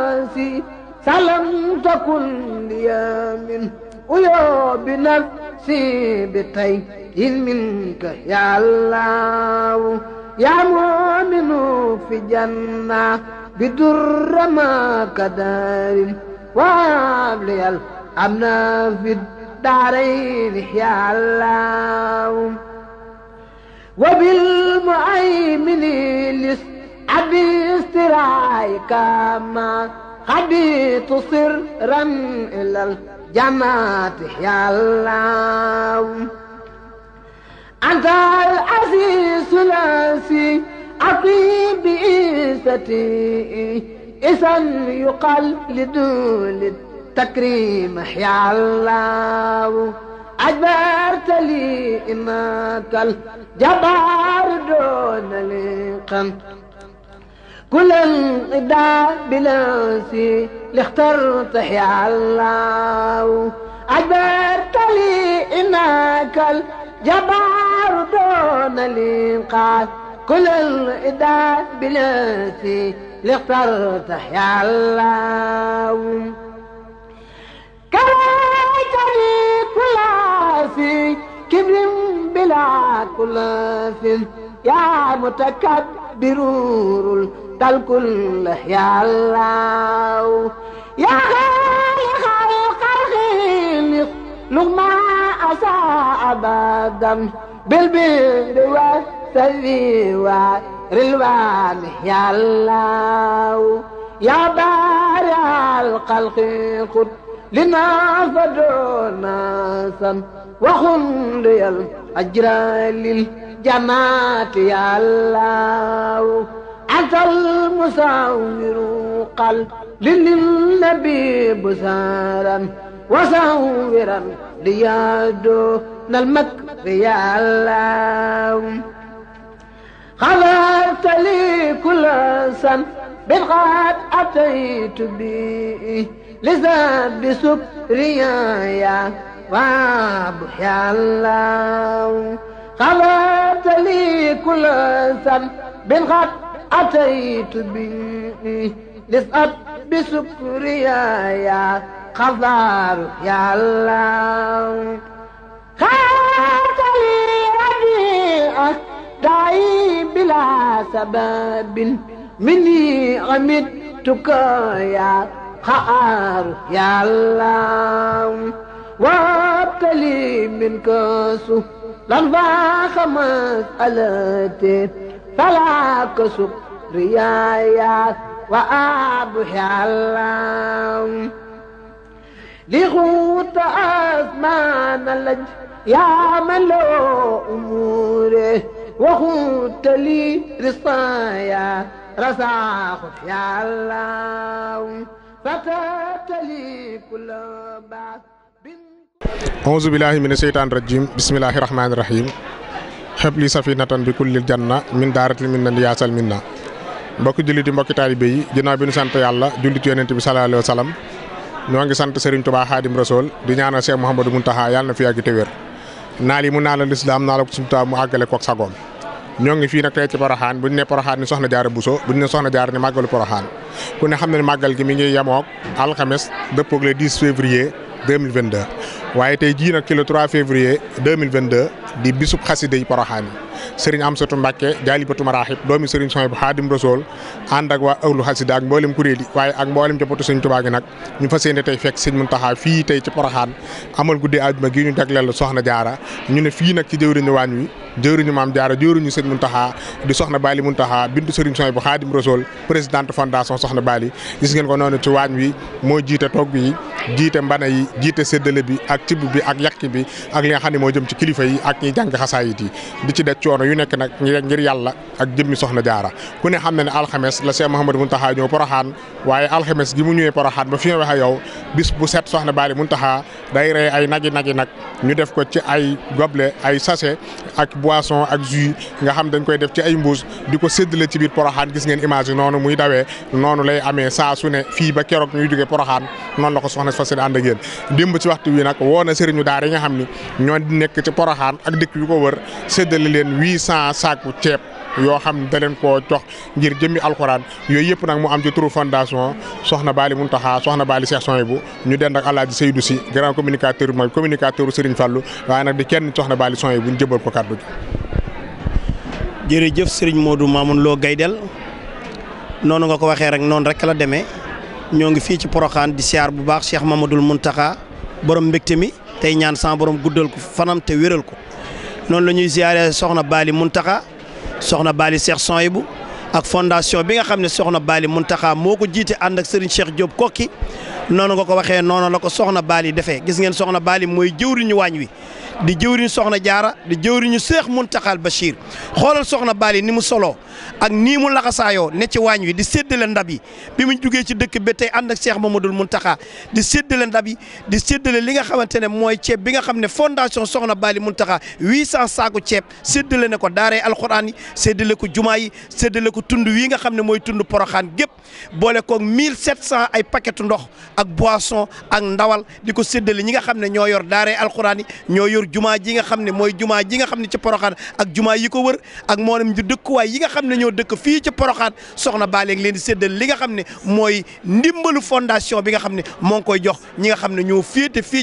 سلم تكن لي من ويوب نفسي بطي إذ منك يا الله يا مؤمن في جنة بدر ما كدار وهب لي الأمن في الدارين يا الله وبالمؤمن لس أبي كما خبيت سرا إلى الجماعة يا الله أنت العزيز الأسي أقيم بإيستي إذا يقال لدول التكريم يا الله أجبرت لي إماك الجبار دون لقم كل انقضاء بنفسي لاخترت يا الله أجبرت لي إنك الجبار دون الإنقاذ كل الإداء بنفسي لاخترت يا الله كرهتني كل في كبر بلا كل فل يا متكبر تل كل يا الله يا خالق الخلق لغما أساء أبدا بالبر والسر والرلوان يا الله يا بارع الخلق قد لنا فدعونا سن وخلي الأجر للجنات يا الله أنت المساور قل للنبي بسارا وساورا ليادو المكر يا الله غفرت لي كل سن بالغاد أتيت به لزاد بسكريايا وابح يا الله غفرت لي كل ذنب قد أتيت به لزاد بسكريايا غفر يا الله غفرت لي رديئك دعي بلا سبب مني عمدتك يا xaar yàlla wabtali min kasu lan faa xamas alate falaa kasu riyaaya wa abu yàlla li xuut asmaan laj yaa man loo umuure waxuut li risaaya rasaaxu yàlla auzu billahi mina seytaani rajim bismillahi rahmaani rahim xebli safinatan bi kullil janna min daaratil minna liyaasal minna mbokki jullit yi mbokki taalibe yi ginnaaw bi nu sant yàlla jullit yonent bi sallallahu alayhi ñoo ngi sant Serigne tubaax Xaadim Rasool di ñaanal Cheikh Mouhamadou Mountakha yàlla na fi yàgg te wér naal yi mu naala naa naala ko suñu mu àggale koog sagoom ñoo ngi fii nag tey ci Porokhane bu ñu ne Porokhane ni soxna jaara Bousso bu ñu ne soxna jaara ni màggalu Porokhane ku ne xam ne màggal gi mi ngi yemoog alxames dëppoog le 10 février 2022 waaye tey jii nag ci le 3 février 2022 di bisub xasida yi Porokhane yi Serigne Amsatou Mbacke jaalibatu maraaxib doomi Serigne Souhaïbou Khadim Rassoul ànd ak waa ëwlu xasida ak mboolem kuréel yi waaye ak mboolem jabatu Serigne Touba gi nag ñu fas yéene tey fekk Serigne Mountakha fii tey ci Porokhane amal guddi àjjuma gi ñu jagleel soxna jaara ñu ne fii nag ci jëwriñu waañ wi jëwriñu maam jaara jëwriñu Serigne Mountakha di soxna Bali Mountakha bintu Serigne Souhaïbou Khadim Rassoul présidente fondation soxna Bali gis ngeen ko n ci waañ wi moo jiite togg yi jiite mbana yi jiite séddale bi ak cib bi ak yàq bi ak li nga xam ne moo jëm ci kilifa yi ak ñi jàng xasaayit coono yu nekk nag ngir yàlla ak jëmmi soxna jaara ku ne xam na ne alxames la Cheikh Mouhamadou Mountakha ñëw poroxaan waaye alxames gi mu ñëwee poroxaan ba fi nga waxee yow bis set soxna Bally Mountakha day rey ay naji naji nag ñu def ko ci ay gobelet ay sachet ak boisson ak jus nga xam dañ koy def ci ay mbuus di ko séddale ci biir poroxaan gis ngeen image yi noonu muy dawee noonu lay amee saa su ne fii ba keroog ñuy jógee poroxaan noonu la ko soxna fas yéene ànd ak yéen démb ci waxtu wi nag woo na sëriñu daara yi huit cent saaku ceeb yoo xam da leen koo jox ngir jëmmi alxuraan yooyu yëpp nag mu am ci turu fondation soxna Baali Muntaxa soxna Baali Cheikh Sohaibou bu ñu dend ak Alaaji Seydou Si grand communicateur mooy communicateur Serigne Fallou waaye nag di kenn soxna Baali Sohaibou bu ñu jëbal ko kàddu gi. jërëjëf Gaydel noonu nga ko waxee rek noonu rek la demee ñoo ngi fii ci Porokhane di siyaar bu baax Cheikh Mamadou Muntaxa borom mbégte mi tey ñaan sama borom guddal ko fanam te wéral ko. noonu la ñuy ziare soxna Baali Muntaxa soxna Baali Cheikh Soyibu ak fondation bi nga xam ne soxna Baali Muntaxa moo ko jiite ànd ak Serigne Cheikh Diop noonu nga ko waxee noonu la ko soxna Baali defee gis ngeen soxna Baali mooy jëwriñu waañ wi di jëwriñu soxna jaara di jëwriñu seex muntaxal Bachir xoolal soxna Baali ni mu soloo ak nii mu laxasaayoo ne ci waañ wi di séddale ndab yi bi mu jugee ci dëkk ba tey ànd ak seex Mamadul Muntaxa di séddale ndab yi di séddale li nga xamante ne mooy ceeb bi nga xam ne fondation soxna Baali Muntaxa 800 saaku ceeb séddale ne ko daaree alxuraan yi séddale ko jumaa yi séddale ko tund wii nga xam ne mooy tund poroxaan gépp boole koog 1700 ay paquetu ndox ak boisson ak ndawal di ko séddale ñi nga xam ne ñoo yor daaree alxuraan yi ñoo yor jumaa ji nga xam ne mooy jumaa ji nga xam ne ci poroxaan ak jumaa yi ko wër ak moo nam ju dëkkuwaay yi nga xam ne ñoo dëkk fii ci poroxaan soxna baaleeg leen di séddale li nga xam ne mooy ndimbalu fondation bi nga xam ne moo ngi koy jox ñi nga xam ne ñoo féete fii